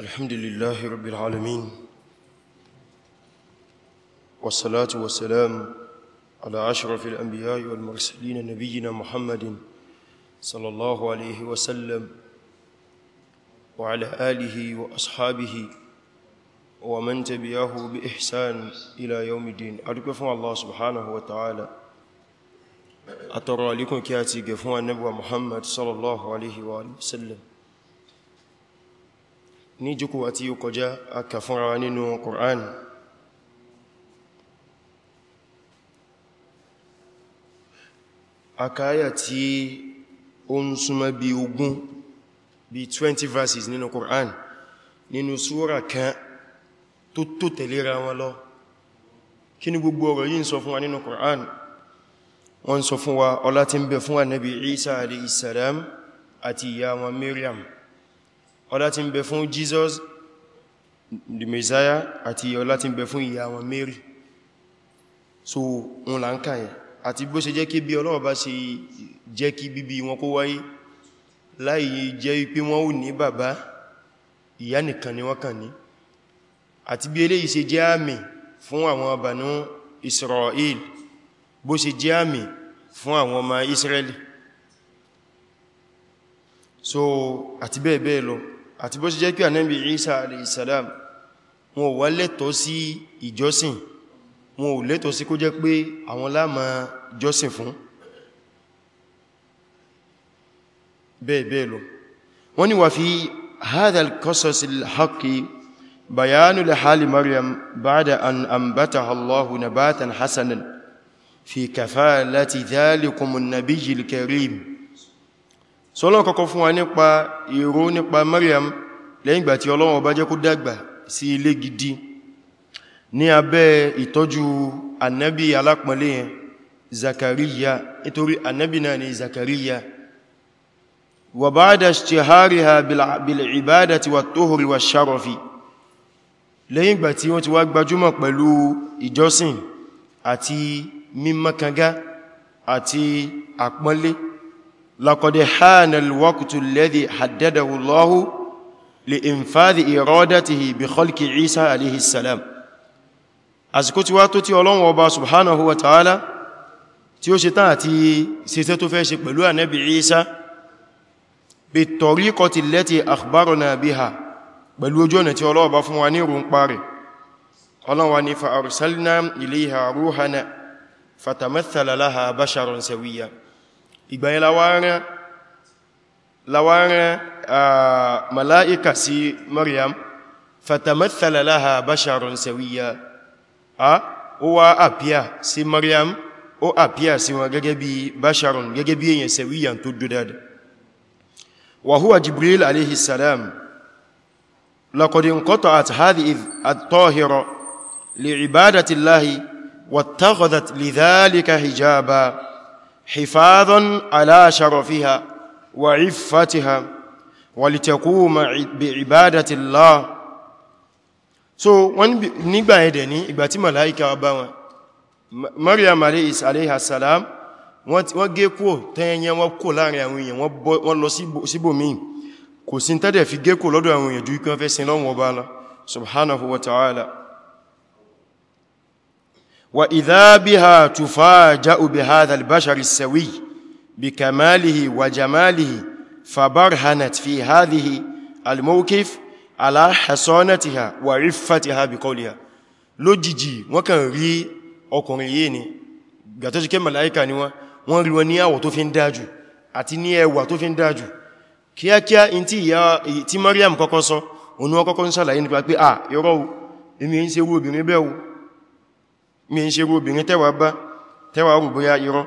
الحمد لله رب العالمين والصلاة والسلام على أشرف الأنبياء والمرسلين نبينا محمد صلى الله عليه وسلم وعلى آله وأصحابه ومن تبعه بإحسان إلى يوم الدين أرجو الله سبحانه وتعالى أترى لكم كاتي قفوا النبوة محمد صلى الله عليه وسلم ní jíkú àti yíò kọjá aka fúnra wa nínú Qur'an akáyà tí ó ń súnmọ́ bí ogún bí 20 verses nínú Qur'an nínú súra kan tó tó tẹ̀lera wọn lọ kí ni gbogbo ọ̀rọ̀ yìí ń sọ fún wa nínú Qur'an wọ́n sọ fún wa ọlá tí ń bẹ fún wa Nabi Isa àti ìyá wọn Maryam ọlá tí ń bẹ fún Jesus the Messiah àti ọlá tí ń bẹ fún ìyá wọn Mary so wọn là ń kà yẹn àti bó ṣe jẹ́ kí bí Ọlọ́run bá ṣe jẹ́ kí bíbí wọn kó wáyé láì jẹ́ pé wọ́n ò ní bàbá ìyá nìkan ni wọ́n kàn ní àti bí eléyìí ṣe jẹ́ àmì fún àwọn Banu Israel bó ṣe jẹ́ àmì fún àwọn ọmọ Israeli so àti bẹ́ẹ̀ bẹ́ẹ̀ lọ àti bó ṣe jẹ́ pé ànábì Isa alaihissalam wọn ò wá lẹ́tọ̀ọ́ sí ìjọsìn wọn ò lẹ́tọ̀ọ́ sí kó jẹ́ pé àwọn láàmà jọsìn fún bẹ́ẹ̀ bẹ́ẹ̀ lọ wọ́n ni wà fi hadha al-qasas al-haqqi bayanu li hali Maryam ba'da an ambataha Allahu nabatan hasanan fi kafalati dhalikum an-nabiyyi karim sọ́lọ́n kọ́kọ́ fún wa nípa ìró nípa Maryam lẹ́yìn ìgbà tí Ọlọ́run ọba jẹ́ kó dàgbà sí ilé gidi ní abẹ́ ìtọ́jú annabi alápọ̀nlé yẹn Zakariya nítorí annabi náà ni Zakariya wa ba'da ishtihariha bil ibadati wa tuhri wa sharafi lẹ́yìn ìgbà tí wọ́n ti wá gbajúmọ̀ pẹ̀lú ìjọsìn àti mímọ́kangá àti àpọ́nlé لقد حان الوقت الذي حدده الله لإنفاذ إرادته بخلق عيسى عليه السلام أسكت واتوتي الله وبا سبحانه وتعالى تيو شتاتي فاشق بلوى نبي عيسى بالطريقة التي أخبرنا بها بلوى جونة الله بفواني رمقاري الله فأرسلنا إليها روحنا فتمثل لها بشر سويا ìgbàyẹn láwárán mala'ika sí maryam fatamathala laha basharun sawiya a ó wá àpíà sí maryam ó àpíà sí wa gẹ́gẹ́ bí basharun gẹ́gẹ́ bí èyàn sawiya tó dúdádá wa huwa jibril alayhi salam laqad inqata'at hadhihi at-tahira li'ibadati llahi واتخذت لذلك حجابا حفاظا على شرفها وعفتها ولتقوم بعبادة الله so wọ́n nígbà ẹ̀dẹ̀ ní ìgbà tí màláíkà wá bá wọn Maryam alayhi salam wọ́n gé kúò tẹ́yẹn wọ́n kò láàrin àwọn èèyàn wọ́n lọ síbòmí kò sí tẹ́dẹ̀ fi gé kò lọ́dọ̀ àwọn èèyàn ju ikú wọ́n sin lọ́wọ́ ọba lọ subhanahu wa ta'ala وإذا بها تفاجأ بهذا البشر السوي بكماله وجماله فبرهنت في هذه الموقف على حصانتها وعفتها بقولها lójijì wọ́n kàn rí ọkùnrin yìí ni gàtọ́ sí kí màláíkà ni wọ́n wọ́n rí wọn ní àwọ̀ tó fi ń dájú àti ní ẹwà tó fi ń dájú kíákíá in tí ìyá tí Maryam kọ́kọ́ sọ òun wọ́n kọ́kọ́ ń sàlàyé nípa pé à irọ́ èmi ń ṣe wó obìnrin bẹ́ẹ̀ mi ń ṣe rú obìnrin tẹ́wà bá tẹ́wà rú bóyá irọ́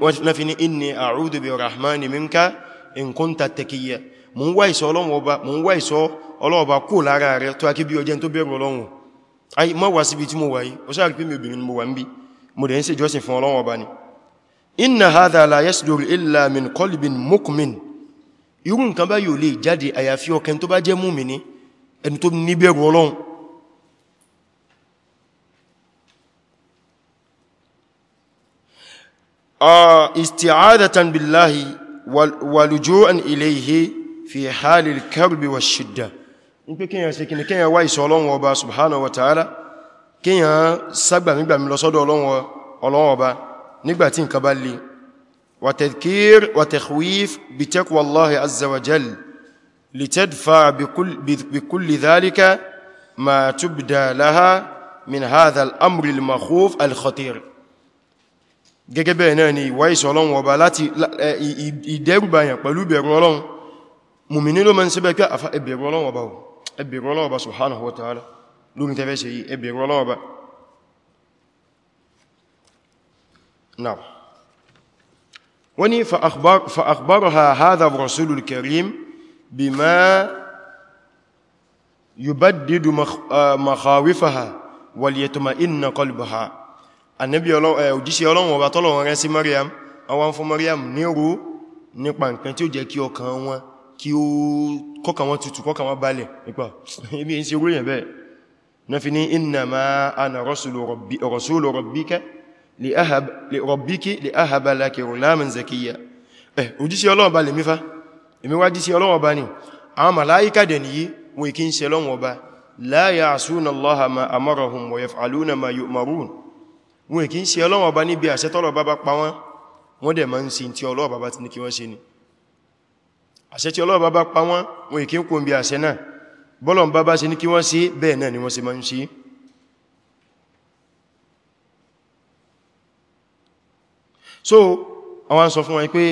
wọ́n fi ní inni a'udhu bi rahmani minka in kunta takiya mo ń wá ìṣọ́ ọlọ́run ọba mo ń wá ìṣọ́ ọlọ́run ọba kó lára rẹ tó akí bí ọjẹ́ tó bẹ̀rù ọlọ́run ayi mọ́ wá síbi tí mo wà yìí ó ẹni tó ní ọlọ́run isti'adatan billahi walujuan ilayhi fi halil karbi wa shidda in pe kíyàn ṣe kíni kíyàn wá ìṣọ́ Ọlọ́run Ọba subhanahu wa ta'ala kíyàn ságbàmígbàmí lọ sọ́dọ̀ Ọlọ́run Ọba nígbàtí nǹkan bá le wa tadhkir wa takhwif bi taqwa Allahi azza wa jal litadfa ma tubda laha min hadha al makhuf al-khatir gẹ́gẹ́ bẹ́ẹ̀ náà ni ìwà ìṣọ́ ọlọ́run ọba láti ìdẹ́rùbàyàn pẹ̀lú ìbẹ̀rù ọlọ́run mùmìnì ló mẹ́rin síbẹ̀ pé àfá ẹbẹ̀rù ọlọ́run ọba karim bima yubaddidu makhawifaha wal yatma'inna qalbaha annabi eh, òjíṣẹ́ ọlọ́run ọba tọ́lọ̀wọ́n rán sí Maryam àwọn fún Maryam ní orú nípa nǹkan tí ó jẹ́ kí ọkàn wọn kí ó kọkàn wọn tutù kọkàn wọn balẹ̀ nípa ibi ń ṣe ròyìn bẹ́ẹ̀ na fi ní innama ana rasulu rabbika li ahab rabbiki li ahaba laki ghulaman zakiyya eh òjíṣẹ́ ọlọ́run ọba lè mífá èmi wá wọn kì í ṣe Ọlọ́run Ọba níbi àṣẹ tọ́lọ́run Ọba bá pa wọ́n wọ́n dẹ̀ máa ń ṣe tí Ọlọ́run Ọba bá ti ní kí wọ́n ṣe ni àṣẹ tí Ọlọ́run Ọba bá pa wọ́n wọn kì í kò ń bí àṣẹ náà bọ́lọ̀n bá bá ṣe ní kí wọ́n ṣe bẹ́ẹ̀ náà ni wọ́n ṣe máa ń ṣe so àwọn sọ fún wọn pé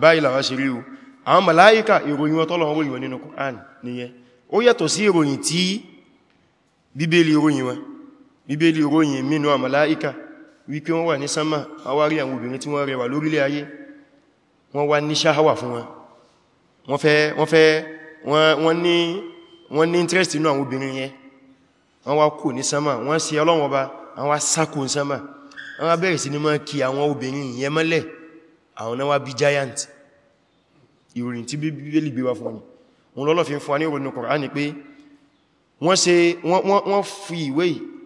báyìí làwọn ṣe rí o àwọn màláíkà ìròyìn wọn tọ́lọ́run ròyìn wọn nínú Kùránì nìyẹn ó yàtọ̀ sí ìròyìn tí Bíbélì ròyìn wọn bíbélì ròyìn mínú àmàláíkà wípé wọ́n wà ní sánmà àwárí àwọn obìnrin tí wọ́n rẹwà lórílẹ̀ ayé wọ́n wá ní ṣáhàwà fún wọn wọ́n fẹ́ wọ́n fẹ́ wọ́n ní wọ́n ní interest inú àwọn obìnrin yẹn wọ́n wá kò ní sánmà wọ́n sí ọlọ́wọ́n bá wọ́n wá sákò ní sánmà wọ́n wá bẹ̀rẹ̀ sí ní máa kí àwọn wọ́n fi ìwé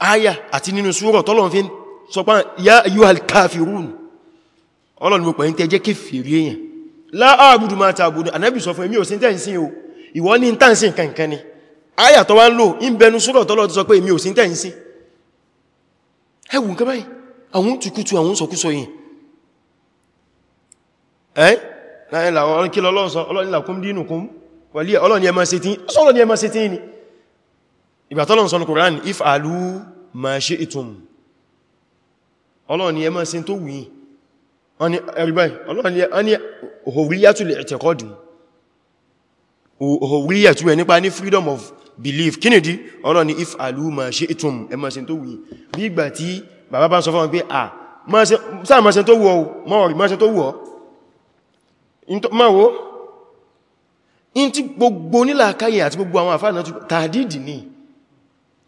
aya àti nínú súrọ̀ tọ́lọ̀ fi sọ pán ya ayyuhal kafirun ọlọ́run mo pẹ̀yìn tẹ́ jẹ́ kéfèrí èyàn la a'budu ma ta'budun anábì sọ fún èmi ò sí tẹ́ǹsìn o ìwọ ní tẹ́ǹsìn kankan ni aya tọ́wà ń lò ń bẹnu súrọ̀ tọ́lọ̀ ti sọ pé èmi ò sí tẹ́ǹsìn ẹwù nǹkan báyìí àwọn tukutu àwọn sọkúsọ yìí ẹ́ láàrín làwọn kí lọ́lọ́sọ ọlọ́run lakum dinukum waliya ọlọ́run ni ẹ máa ṣe tí ní ìgbà t'Ọlọ́run sọ ní Kùránì if alu ma ṣe ìtum Ọlọ́run ni ẹ máa sin tó wùyí Ọlọ́run ni ohòwíyàtù lè ẹ̀tẹ̀kọ́dì ohòwíyàtù ẹ̀ nípa ní freedom of belief kí nìdí Ọlọ́run if alu ma ṣe ìtum ẹ máa sin tó wùyí bí ìgbà tí bàbá bá ń sọ fún wọn pé à sáà máa sin tó wùọ́ mọ́ọ̀rì máa sin tó wùọ́ in tàdídì ni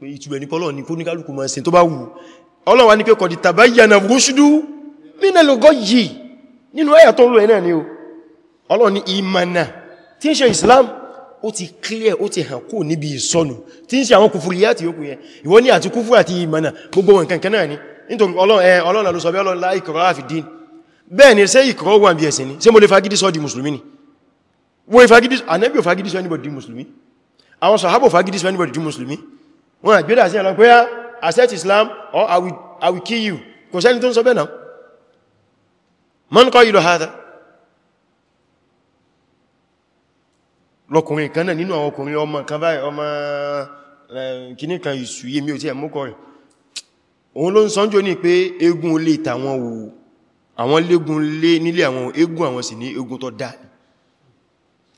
pé ìtùbẹ̀ ní pọ́lọ̀ ní kó ní kálùkù máa sin tó bá wù ọlọ́wà ní pé kọ̀dì tabayyana rushdu minal ghayyi nínú àyà tó rẹ̀ náà ni o ọlọ́wà ìmànà tí ń ṣe Islam ó ti clear ó ti hàn kó níbi ìsọnù tí ń ṣe àwọn kùfùrìyàtì yókù yẹn ìwọ ní àti kúfù àti la ikraha fi din bẹ́ẹ̀ ni ṣe ìkọ̀ọ́ wà bí ẹ̀sìn ni ṣe mo lè fagídí sọ di mùsùlùmí ni wọ́n ìfagídí anẹ́bí ò fagídí sọ àwọn sàhábò fagídí sọ anybody di mùsùlùmí wọ́n àgbédà sí ẹ̀lọ pé á ah, accept Islam or I will, I will kill you kò sẹ́ni tó ń sọ bẹ́ẹ̀ náà man qaila hadha lọkùnrin kan náà nínú àwọn ọkùnrin ọmọ kan báyìí ọmọ kìní kan ìsúyé mi ò tí ẹ̀ múkọ rẹ̀ òun ló ń sọ́njọ́ ní pé eégún lè tàwọn wò àwọn légún lé nílé àwọn eégún àwọn sì ní eégún tó dá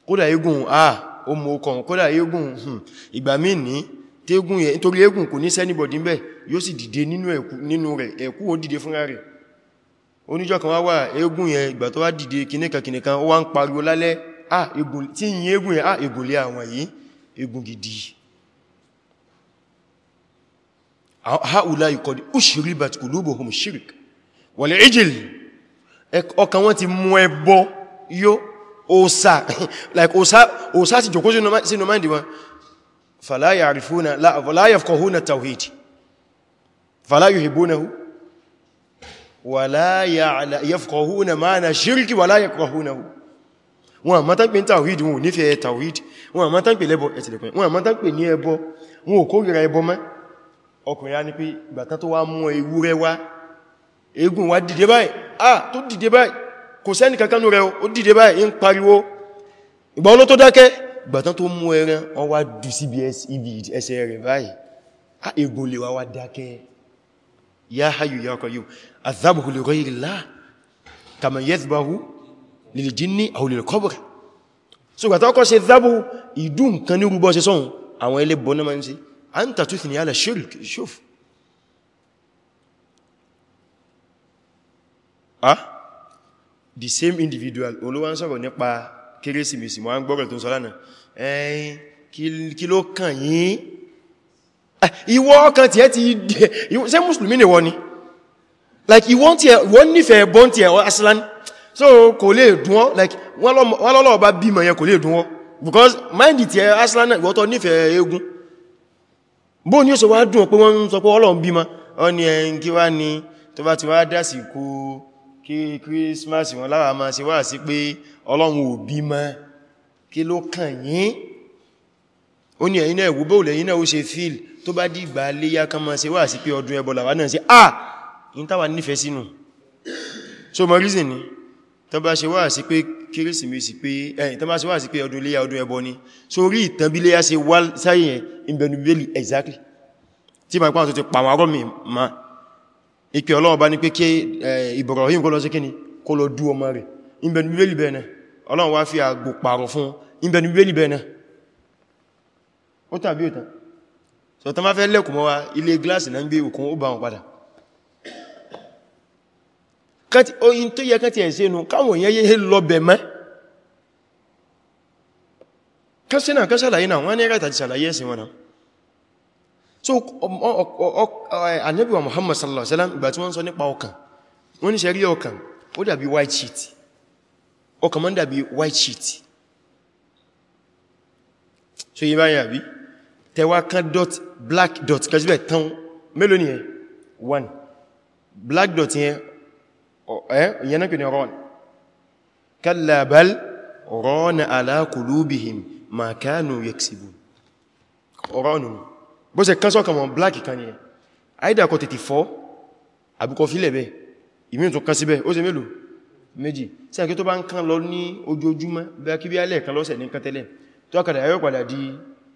kódà eégún ah ó mú ọkọ̀ kódà eégún hmm, ìgbà míì ní tégún yẹn nítorí égún kò ní sẹ́nìbọ̀dì ń bẹ̀ yóò sì dìde nínú rẹ̀ ẹ̀kú ó dìde fúnra rẹ̀ oníjọ́ kan wá wà égún yẹn ìgbà tó wá dìde kìnnìkan kìnnìkan ó wá ń pariwo lálẹ́ tí yìn égún yẹn ah égún lé àwọn yìí égún gidi haula ikọ̀ di ushribat qulubuhum shirk wal ijl ọkàn wọn ti mú ẹbọ yó òsà like òsà ti jòkó sínú máìdì wọn فلا يعرفون لا ولا يفقهون التوحيد فلا يحبونه ولا يفقهون معنى الشرك ولا يكرهونه wọ́n ma tán pè ní tawhid wọn ò nífẹ̀ẹ́ tawhid wọ́n ma tán pè lẹ́bọ ẹ̀tìlẹ̀kùn wọ́n ma tán pè ní ẹbọ wọn ò kórìíra ẹbọ mọ́ ọkùnrin a ní pé ìgbàtán tó wá mú ewúrẹ́ wá eégún wá dìde báyìí ah tó dìde báyìí kò sẹ́nì gbàtán tó mú ẹran wọ́n wá dù síbi ẹsẹ̀ rẹ̀ báyìí a egun lè wá wá dákẹ́ ya hayu ya qayyum azabuhu li ghayri llah kama yadhbahu lil jinni aw lil qabr so gbàtán ọkọ̀ ṣe zabu ìdú nǹkan ní rúbọ́ ṣe sọ́hun àwọn ẹlẹ́bọ̀ náà ma ń ṣe anta tuthni ala shirk shuf ah the same individual olówá ń sọ̀rọ̀ nípa kérésìmesì mọ́ ń gbọ́rọ̀ tó ń sọ lánàá ẹ̀yìn kí ló kàn yín ah, ìwọ ọkàn tí ẹ ti dẹ̀ ṣe mùsùlùmí ni wọ́n ni like ìwọ́n tí ẹ wọ́n nífẹ̀ẹ́ bọ́n tí ẹ aslan so kò lè dùn like wọ́n lọ́lọ́ bá bímọ yẹn kò lè dùn because mind tí aslan ìwọ́ tọ́ nífẹ̀ẹ́ eégún bó ní ó ṣe wá dùn pé wọ́n ń sọ pé Ọlọ́run kí Christmas, wọn lára máa ṣe wá sí pé ọlọ́run ò bí mọ́ kí ló kàn yín ó ní ẹ̀yin náà ẹ̀wù bóòlù ẹ̀yin náà ó ṣe fíìl tó bá dìgbà léyá kan máa ṣe wá sí pé ọdún ẹbọ náà sí à yín táwà nífẹ̀ẹ́ sínú so mọ reason ni tó bá ṣe wá sí pé kérésìmesì pé ẹ̀yìn tó so rí ìtàn bí léyá ṣe wá sáyẹn ìbẹ̀nubélì exactly tí màá pàtó mi máa ìpẹ̀ ọlọ́run bá ní pé kí eh, Ibrahim kó lọ sí kíni kó lọ dú ọmọ rẹ̀ ìbẹ̀ni bíbélì bẹ̀ẹ̀nà ọlọ́run wá fi àgbò pààrọ̀ fún ìbẹ̀ni bíbélì bẹ̀ẹ̀nà ó tàbí òtàn so tán fẹ́ lẹ́kùn mọ́ wa ilé gíláàsì náà ń gbé òkun ó bá wọn padà so Ànábì wa Muhammad sallallahu alaihi wasallam ìgbà tí wọ́n sọ nípa ọkàn wọ́n ní ṣe rí ọkàn ó dàbí white sheet ọkàn mọ́ dàbí white sheet so yí báyìí àbí tẹwa kan dot black dot kẹsílẹ̀ tán mélòó ni ẹ one black dot yẹn ìyẹn náà pè ní ron kalla bal rana ala qulubihim ma kanu yaksibun bó ṣe kánsọ́ kan mọ̀ black kan yẹn àìdà kọ tètè fọ́ àbúkọ fílẹ̀ bẹ́ ìmí tó kán síbẹ̀ ó ṣe mélòó méjì sí àkí tó bá ń kán lọ ní ojoojúmọ́ bí a kí bí alẹ́ kan lọ́sẹ̀ ní kan tẹ́lẹ̀ tó àkàdà yóò padà di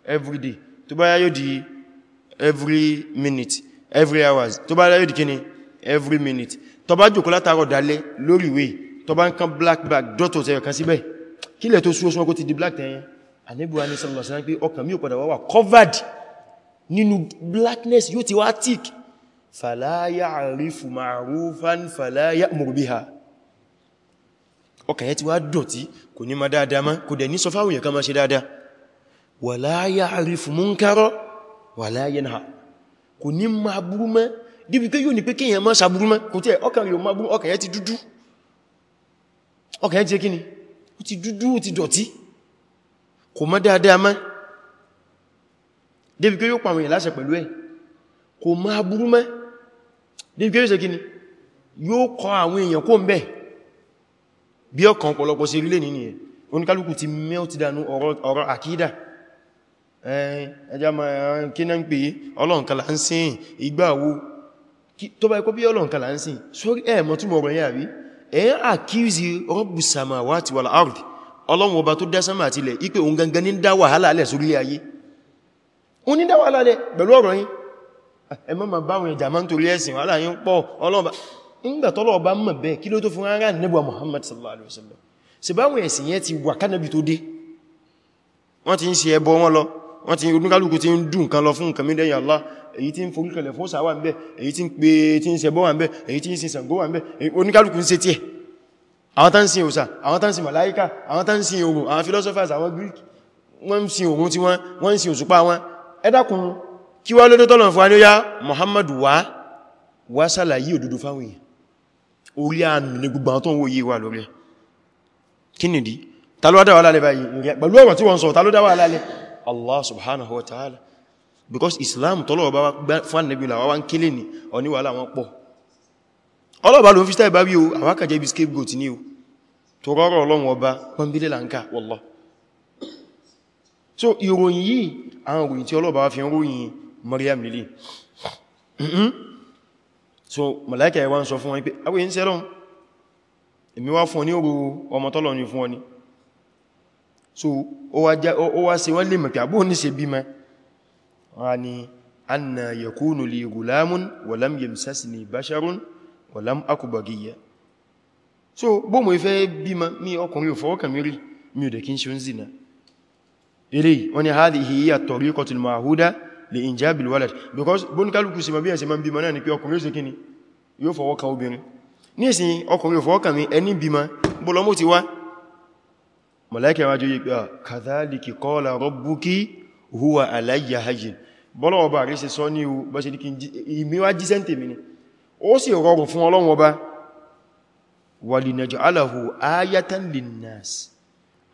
every day tó bá yóò di every minute every hours tó bá yóò di kíni every minute tó bá jòkó látàrọ̀ dalẹ́ lórí ìwé tó bá ń kán black bag dọ́tò tẹ́yọ̀ kan síbẹ̀ kílẹ̀ tó súnmọ́ kó ti di black tẹ́yẹn àníbùwá ní sọ́lọ̀sán pé ọkàn mí ò padà wà covered nínú blackness yóò ti wá tík fala ya'rifu ma'rufan fala ya'mur biha ọkàyẹ ti wá dọ̀tí kò ní ma dáadáa má kò dẹ̀ ní sọ fáwọn yẹ̀ká ma ṣe dáadáa wala ya'rifu munkara wala yanha kò ní ma burú mẹ́ díbi pé yóò ní pé kíyàn má sa débi pé yóò pàwọn èèyàn láṣẹ pẹ̀lú ẹ̀ kò máa burú mẹ́ débi pé yóò ṣe kíni yóò kọ àwọn èèyàn kó ń bẹ̀ bí ọkàn pọ̀lọpọ̀ sí ilé nìyẹn oníkálùkù ti melt dànù ọ̀rọ̀ àkídà ẹjá ma kí náà ń pè ọlọ́nkàlà ń sìn ìgbàwo tó bá ikọ́ bí ọlọ́nkàlà ń sìn sórí ẹ̀ mọ́ túnmọ̀ ọ̀rọ̀ yàrí ẹ̀ ń àkíyèsí Rabbu samawati wal ardi ọlọ́run ọba tó dá sánmà àti ilẹ̀ ipé òun gangan ní dá wàhálà alẹ́ sórí ayé onídáwà alálẹ̀ pẹ̀lú ọ̀rọ̀ yìí ẹ má ma báwọn ìjà máa ń torí ẹ̀sìn wà láyín pọ̀ ọlọ́ọ̀bá nígbà tọ́lọ̀ ọba mọ̀ bẹ́ kí ló tó fún ara nẹ́bà Muhammad sallallahu alaihi wasallam ṣe báwọn wọ́n ń Allah èyí tí ń forí kalẹ̀ fún sàwà ń bẹ èyí tí ń pe tí ń ṣẹbọ wà ń bẹ èyí sin Ṣàngó Greek wọ́n ń sin òòrùn tí wọ́n ń sin òṣùpá wọn ẹ dákun kí wá lódó tọ́lọ̀ fún aníyá Muhammadu wá wá sàlàyé òdodo fáwọn èèyàn orí àmì ní gbogbo àwọn tó ń wòye wà lórí kí nìdí ta lálẹ́ báyìí pẹ̀lú ọ̀rọ̀ tí wọ́n sọ ta lálẹ́ Allah subhanahu wa ta'ala because Islam tọ́lọ̀ bá fún ànàbí làwá wá ń kílè ní ọní wà láwọn pọ̀ ọlọ́bàá ló ń fi stẹ́ bá so ìròyìn yìí àwọn ìròyìn tí ọlọ́bà fi ń ròyìn Maryam lili mm-hmm. so màláìkà ẹwà ń sọ fún wọn pé awé ń sẹ́lọ́n èmi wá fún ọ ní orú ọmọ tọ́lọ ní fún ọ ní so ó wá ṣe wọ́n lè mọ̀ pé àbúrò ní ṣe bímọ wọ́n ni anna yakunu li gulamun walam yamsasni basharun walam aku so bó mo ìfẹ́ bímọ mi ọkùnrin ò fọwọ́kàn mi mi ò dẹ̀ kí ń ṣe ń zina ilé wọ́n ni hadhihi hiya at-tariqatul ma'huda li injabil walad because bóníkálùkù sí ma bí ẹ̀sẹ̀ ma ń bímọ náà ni pé ọkùnrin yóò ṣe kíni yóò fọwọ́ ka obìnrin ní ìsìn ọkùnrin òfọwọ́kà mi ẹni bímọ bọ́lọ́mọ́ ti wá mọ̀láíkà wá jóyé pé ah, kadhalika qala rabbuki huwa alayya hayyin bọ́lọ́ ọba rí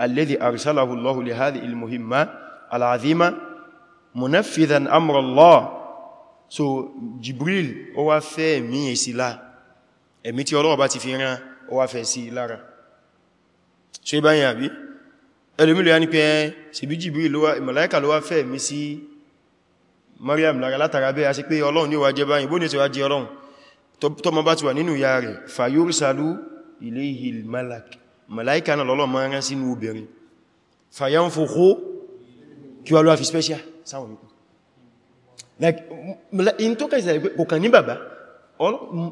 الذي أرسله الله لهذه المهمة العظيمة منفذا أمر الله so Jibril ó wá fẹ́ mi esi la ẹ̀mí tí Ọlọ́run bá ti fi rán ó wá fẹ́ sí lára so e bayin àbí ẹlòmí ló ya ní pé ṣe bí Jibril ló wá malaika ló wá fẹ́ mi sí Maryam lára látara bẹ́ẹ̀ a ṣe pé Ọlọ́run ni ó wá jẹ́ bayin bo ni ti wá jẹ́ Ọlọ́run tó mo bá ti wà nínú ya rẹ̀ fa ilayhi al Malaika na lọ́lọ́ máa rán sínú obìnrin fàyánfòkó kí wá ló fi special sáwọn yìí like in tó kàìsà ìpé kò kàn ní bàbá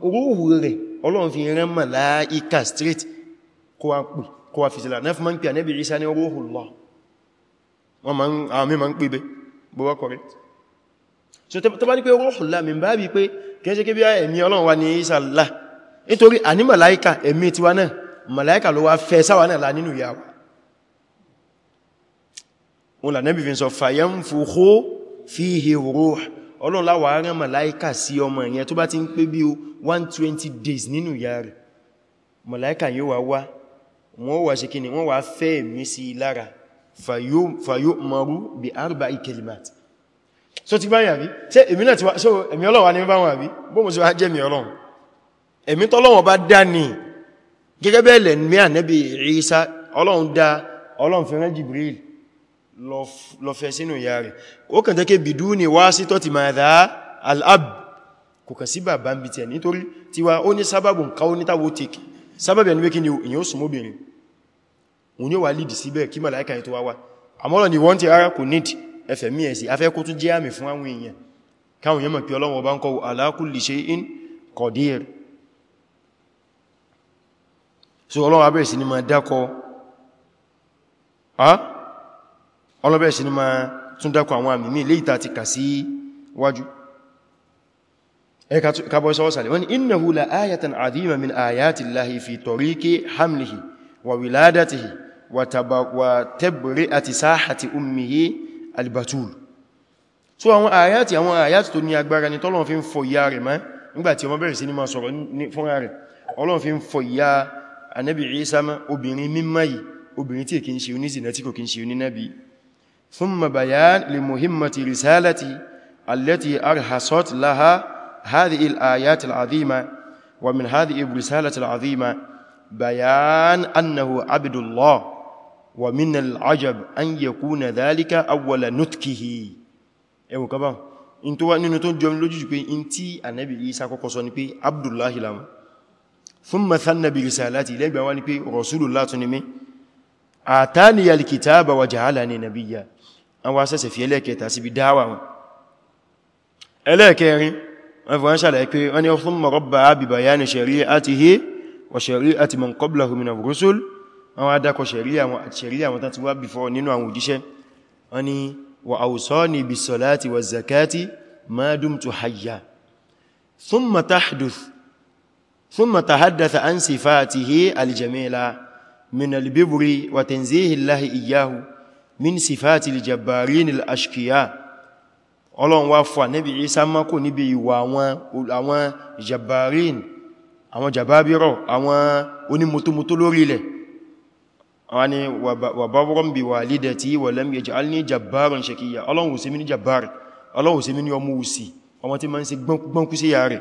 orúhù rẹ̀ ọlọ́run fi rán màláíkà straight kó wá fi sílá náà fi máa ń pè ànẹ́bì Ìsá ní orúhù lọ wọ́n máa ń pè bẹ́ bọ́wọ́ correct so tó bá ní pé orúhù lá mi bá bí pé kẹ́ẹ́sẹ́ kébí ẹ̀mí ọlọ́run wa ní Ìsá lá nítorí àní màláíkà ẹ̀mí tiwa náà màláíkà ló wá fẹ́ sáwà náà lá nínú ìyàwó wọn là nẹ́bí fi sọ fayanfukhu fi ruh ọlọ́run láwà rán màláíkà sí ọmọ ìyẹn tó bá ti ń pé bí o 120 days nínú ìyá rẹ̀ màláíkà yóò wá wá wọ́n wà ṣe kí ni wọ́n wà fẹ́ mi sí lára fayu'maru bi arba'i kalimat so ti báyìí àbí ṣe èmi náà ti wá so èmi ọlọ́wà ní bá wọn àbí bó mo sì wá jẹ́ mi ọlọ́run èmi tọ́lọ́wọ̀n bá dá ni gẹ́gẹ́ bẹ́ẹ̀ lẹ̀ ní ànẹ́bì Ìsá ọlọ́run dá ọlọ́run fi rán Jibril lọ fẹ́ sínú ìyá rẹ̀ ó kàn tẹ́kẹ́ bìdú ni wá sí tọ́ ti máa dáa al'ab kò kà sí bàbá ń bí tẹ̀ nítorí tí wá ni èyàn ni wọ́n ti rárá kò nídì ẹfẹ̀ mí ẹ̀sì e e. afẹ́ kó tún jẹ́ àmì fún àwọn èèyàn káwọn èèyàn mọ̀ pé ọlọ́run ala kulli shay'in qadir so Ọlọ́run abẹ́ sí ni ma dákọ ọlọ́bẹ̀ sí ni ma tún dákọ àwọn àmì ní ilé ìta ti kà sí wájú ẹkàbọ̀ sọ́wọ́ sàlẹ̀ wọ́n ni innahu la ayatan adhima min ayati Allahi fi tariqi hamlihi wa wiladatihi wa tabri'ati sahati ummihi albatul so àwọn ayati àwọn ayati tó ní agbára ni tọ́lọ́n fi ń fọ ìyá rẹ̀ mọ́ nígbàtí ọmọ bẹ̀rẹ̀ sí ni ma sọ̀rọ̀ fúnra rẹ̀ Ọlọ́run fi ń fọ ìyá rẹ̀ anábì Isa má obìnrin mímọ́ yìí obìnrin tí kìí ṣe oníṣìnà tí kò kìí ṣe onínábi thumma bayan li muhimmati risalati allati arhasat laha hadhihi al-ayat al-azima wa min hadhihi al-risalat al-azima bayan annahu abdullah wa min al-ajab an yakuna dhalika awwala nutkihi ẹwùn kaba in tó wá nínú tó jọm lójú pé in tí anábì Isa kọ́kọ́ sọ ni pé abdullahi lamu ثم ثنى برسالاتي إليه بأواني بي رسول الله تنمي آتاني الكتاب وجعلني نبيا أو أساس في إليك تاسب دعوة إليك يرين أفوان شالك أن ثم ربها ببيان شريعته وشريعة من قبله من الرسل أو أداك شريعة شريعة وتتوى بفور نينو عن وجيشة أني وأوصاني بالصلاة والزكاة ما دمت حيا ثم تحدث ثم تحدث عن صفاته الجميلة من الببر وتنزيه الله إياه من صفات الجبارين الأشكياء ọlọ́run wá fún ànẹ́bì Ìsá mọ́kò níbi ìwà àwọn jàbàrín àwọn jàbábírọ̀ àwọn onímọ̀tọ́mọ̀tọ́ lórí ilẹ̀ wọ́n ni wàbáwọ́rọ̀n bí wà lídẹ̀ tí wà lẹ́m yaj'alni jàbárín ṣekíyà ọlọ́run ò ṣe mí ní jàbárín ọlọ́run ò ṣe mí ọmọ òsì ọmọ tí ma ń ṣe gbọ́nkú sí yà rẹ̀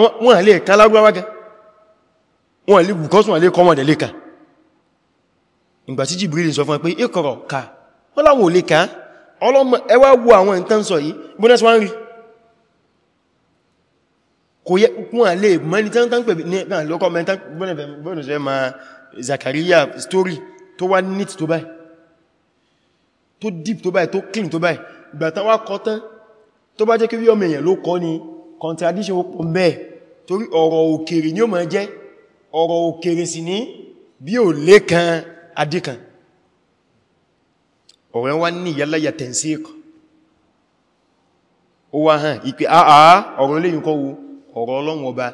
wọ́n lè kan lágbàwá gan wọ́n lè bùkọ́sùn lè kọmọ̀ dẹ̀ lè kan ìgbà tí Jibril sọ fún ẹ pé ìkọ̀rọ̀ ká wọ́n láwọn olè kan ọlọ́mọ ẹ wá wo àwọn ìtàn sọ yìí bónẹ́sì wọ́n rí kò yẹ wọ́n lè mẹ́ni tán tán pẹ̀bí ní lọ́kọ́ mẹ́ntán bónẹ́sì ma Zakaria story tó wá neat tó báyìí tó deep tó báyìí tó clean tó báyìí ìgbà tán wá kọ tán tó bá jẹ́ kí ọmọ èèyàn ló kọ́ ni contradiction ó pọ̀ mẹ́ torí ọ̀rọ̀ òkèrè ni ó máa jẹ́ ọ̀rọ̀ òkèrè sì ní bí ò lé kan adíkan ọ̀rẹ́ wá ní ìyálàyà tensik ó wá hàn ìpé àà ọ̀rọ̀ lẹ́yìn kọ́ wo ọ̀rọ̀ ọlọ́run ọba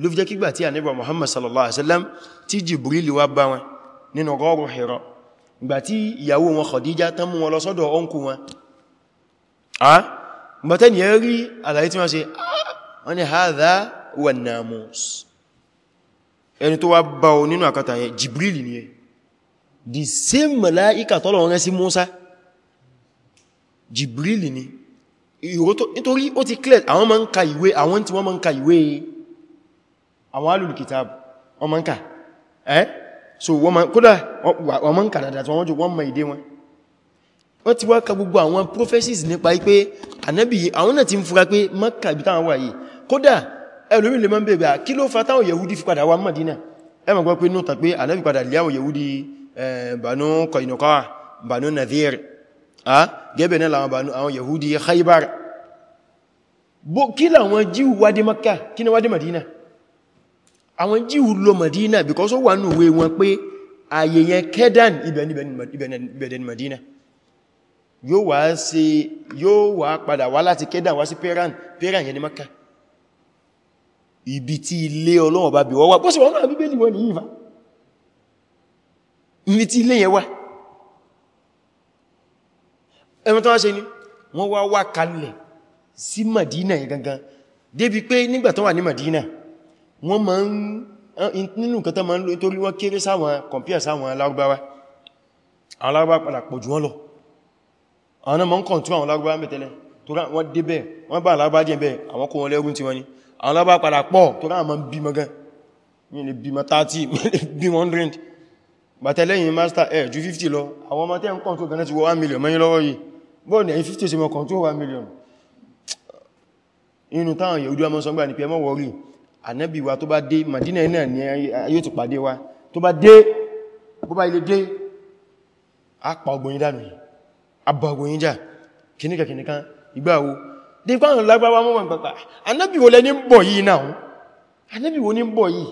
ló fi jẹ́ kígbà tí ànábì Muhammad sallallahu alaihi wasallam tí Jibril wá Ba wọn nínú gọ́ọ̀rọ̀ Hira ìgbà tí ìyàwó wọn Khadija tán mú wọn lọ sọ́dọ̀ ọ̀nkù wọn gbàtẹ́ni ẹ rí àlàyé tí wọ́n ṣe wọ́n ni hadha wa namus ẹni tó wá bá o nínú àkàtà yẹn Jibril ni ẹ the same màláíkà tọ́lọ̀ rán sí Musa Jibril ni nítorí ó ti clear àwọn ma ń ka ìwé àwọn tí wọ́n ma ń ka ìwé àwọn alùlùkìtàb wọ́n ma ń ka ẹ́ so wọ́n ma kódà wọ́n ma ń ka dáadáa tí wọ́n jù wọ́n ma ìdé wọn wọ́n ti wá ka gbogbo àwọn prophecies nípa ipé ànábì àwọn náà ti ń fura pé Mákà ibi wà yìí kódà ẹlòmí lè máa ń bèèrè kí ló fa táwọn yahudi fi padà wá Madina ẹ máa gbọ́ pé núta pé Ànábì padà lé àwọn yahudi Banu Qainuqa Banu Nadhir gẹ́bẹ̀ náà àwọn yahudi Khaybar bó kí làwọn jíù wádé Makkah kí ni wádé Madina àwọn jíù lọ Madina because ó wà nù wé wọn pé ààyè yẹn kẹ́dàn ibẹ̀ ni Madina yóò wá padà wá láti kẹ́dàn wá sí Peran Peran yẹn ni Makkah ibi tí ilé ọlọ́wọ̀n bá bí wọ́n wá bó sì wọ́n náà bíbélì wọ́n ní ìfà ibi tí ilé yẹn wà ẹmọ́ tó wá ṣe ní wọ́n wá wá kalẹ̀ sí Madina yẹn gangan débi pé nígbà tó wà ní Madina wọ́n ma ń nínú nǹkan tó ma ń lo, nítorí wọ́n kéré sáwọn kọ̀mpíà sáwọn alárúbáwá àwọn alárúbáwá padà pọ̀ jù wọ́n lọ àwọn náà ń kọ̀ntún àwọn alárúbáwá mẹ́tẹ́lẹ̀ tó wọ́n débẹ̀ wọ́n bá alárúbáwá díẹ̀ bẹ́ẹ̀ àwọn kó wọn lẹ́rú tí wọ́n ni àwọn lọ́bá padà pọ̀ tó rá àmọ́ bímọ gan mi lè bímọ 30 mi lè bímọ 100 bàtẹ̀lẹ́yìn master air ju 50 lọ àwọn ọmọ tẹ́ ń kọ́ntó gan ti wọ 1 million mẹ́yìn lọ́wọ́ yìí bọ́ọ̀ ní 50 sí mọ́ kọ́ntó 1 million inú táwọn Yẹhudi àmọ́ sọ́gbà ní pẹ́mọ́ wọ́rí ànábì wa tó bá dé Madina náà ni yóò ti pàdé wa tó bá dé bó bá ilé dé a pa ọgbọ̀nyìn dànù yìí a bọ̀ ọgbọ̀nyìn jà kìníkà kìníkà ìgbà wo di pa àwọn lágbàwà mọ́mọ̀ pàpà anábì wo lẹ ní bọ̀ yìí náà anábì wo ní bọ̀ yìí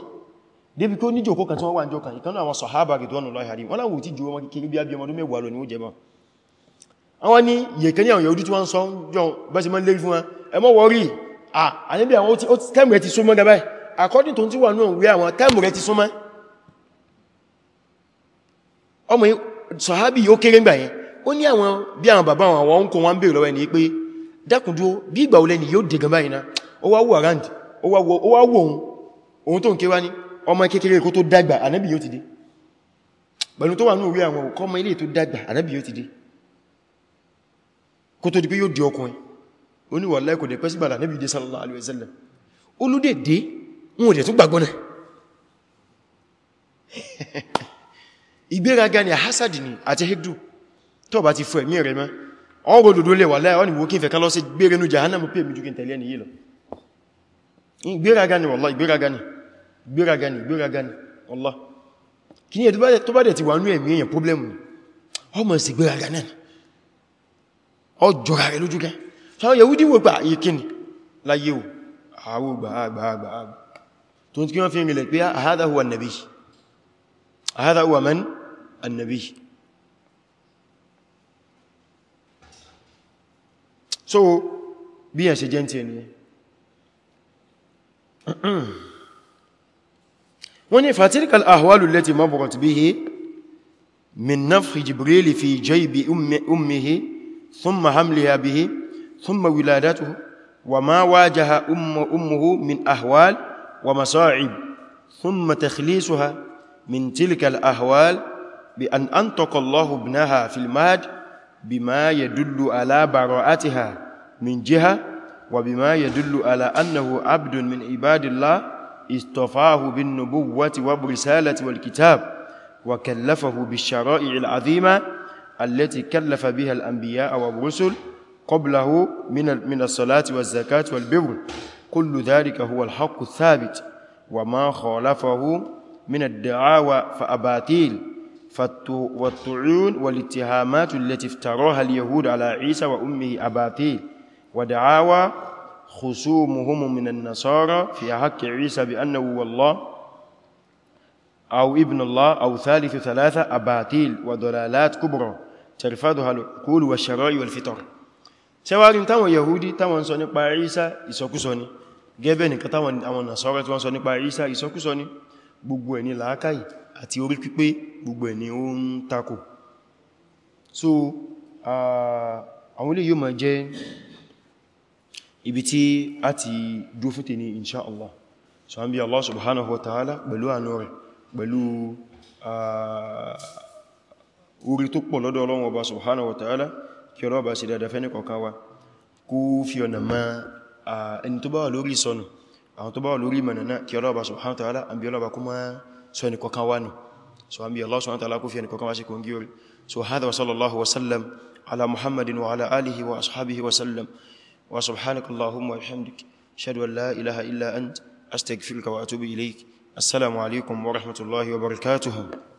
débi kó ní jòkó kan tí wọ́n wà ní jòkó kan ìkanú àwọn sọ̀hábà rẹ̀ tọ́nà lọ́yà rí wọ́n láwò tí jòwó wọn i ọdún mẹ́wàá lọ ní ó jẹ mọ́ àwọn ni yẹ̀kẹ́ ní àwọn yẹ̀udí tí wọ́n sọ jọ bá ti mọ́ lé fún wọn ẹ mọ́ according to ti wà náà wí àwọn tẹ́mù rẹ̀ ti súnmọ́ ọmọ sọ̀hábì ó kéré gbà yẹn ó ní àwọn bí àwọn bàbá àwọn ọkùn wọn bèèrè lọ́wọ́ ẹni dákùndúó bí ìgbà olẹ́ni yóò dé gan báyìí na ó wá wò àránd ó wá wò ohun ohun tó ń kéwá ní ọmọ kékeré kó tó dàgbà ànábì yóò ti dé pẹ̀lú tó wà ní orí àwọn òkọ́ ọmọ ilé tó dàgbà ànábì yóò ti dé kó tó di pé yóò di ọkùnrin oníwàlá kò dẹ̀ pẹ́ sígbà ànábì dé sallallahu alaihi wasallam olúdèdè wọn ò dẹ̀ tó gbàgbọ́ náà ìgbéraga ni bá ti fọ ẹ̀mí rẹ̀ mọ́ ọ̀rọ̀ òdòdó lè wà láì ọ́ ni wò kí n fẹ́ ká lọ sí gbére ní jahannam pé mi jùkín tẹ̀lé ẹni yìí lọ ìgbéraga ni wallahi ìgbéraga ni ìgbéraga ni ìgbéraga ni wallahi kí ní ẹ̀ tó bá dẹ̀ ti wà ní ẹ̀mí èèyàn problem ni ọmọ sí ìgbéraga náà ọ jọra rẹ lójú gan sáwọn yahudi wò pa ah, ìkín láyé o àwọ gbàgbàgbà tó ń tí wọ́n fi rìnlẹ̀ pé ahádà huwa annabi ahádà so bí ẹ̀ṣẹ̀ jẹ́ tí ẹni wọ́n ni fatilkal ahuwalu lati maburat bihi min nafhi jibreli fi jẹ́ jaybi ummihi thumma hamliha bihi thumma wiladatuhu wa ma ha ummuhu min ahuwal wa masa'ib thumma ha min tilkal ahuwal bi an antaqa Allahu ibnaha ha mahdi بما يدل على براءتها من جهة وبما يدل على أنه عبد من عباد الله اصطفاه بالنبوة وبرسالة والكتاب وكلفه بالشرائع العظيمة التي كلف بها الأنبياء والرسل قبله من من الصلاة والزكاة والبر كل ذلك هو الحق الثابت وما خالفه من الدعاوى فأباطيل والطعون والاتهامات التي افتراها اليهود على عيسى وأمه أباتيل ودعاوى خصومهم من النصارى في حق عيسى بأنه والله أو ابن الله أو ثالث ثلاثة أباتيل وضلالات كبرى ترفضها العقول والشرائع والفطر سوارين táwọn Yahudi táwọn sọ nípa Isa ìsọkúsọ ni gẹ́bẹ̀ nìkan táwọn àwọn Nasara tí wọ́n sọ nípa Isa ìsọkúsọ ni àti orí pípé gbogbo ẹ̀ ni ó ń takò so àwọn ilé yóò máa jẹ́ ibi tí a ti dúró fún tèní insha Allah so an bí Allah subhanahu wa ta'ala pẹ̀lú àánú rẹ̀ pẹ̀lú orí tó pọ̀ lọ́dọ̀ Ọlọ́run ọba subhanahu wa ta'ala kí Ọlọ́run bá ṣe dada fẹ́ ní kọ̀ọ̀kan wa kó fi ọ̀nà ma ẹni tó bá wà lórí ìsọnù àwọn tó bá wà lórí ìmọ̀nà náà kí Ọlọ́run bá subhanahu wa ta'ala àbí Ọlọ́run bá kó máa so ni kọ̀kan wá nù so ambi Allah subhanahu wa ta'ala kó fi ẹni kọ̀kan wá sí kò ń orí so hadha wa sallallahu wa sallam ala muhammadin wa ala alihi wa ashabihi wa sallam wa subhanakallahumma wa bihamdik shadu an la ilaha illa ant astaghfiruka wa atubu ilayk assalamu alaikum wa rahmatullahi wa barakatuhu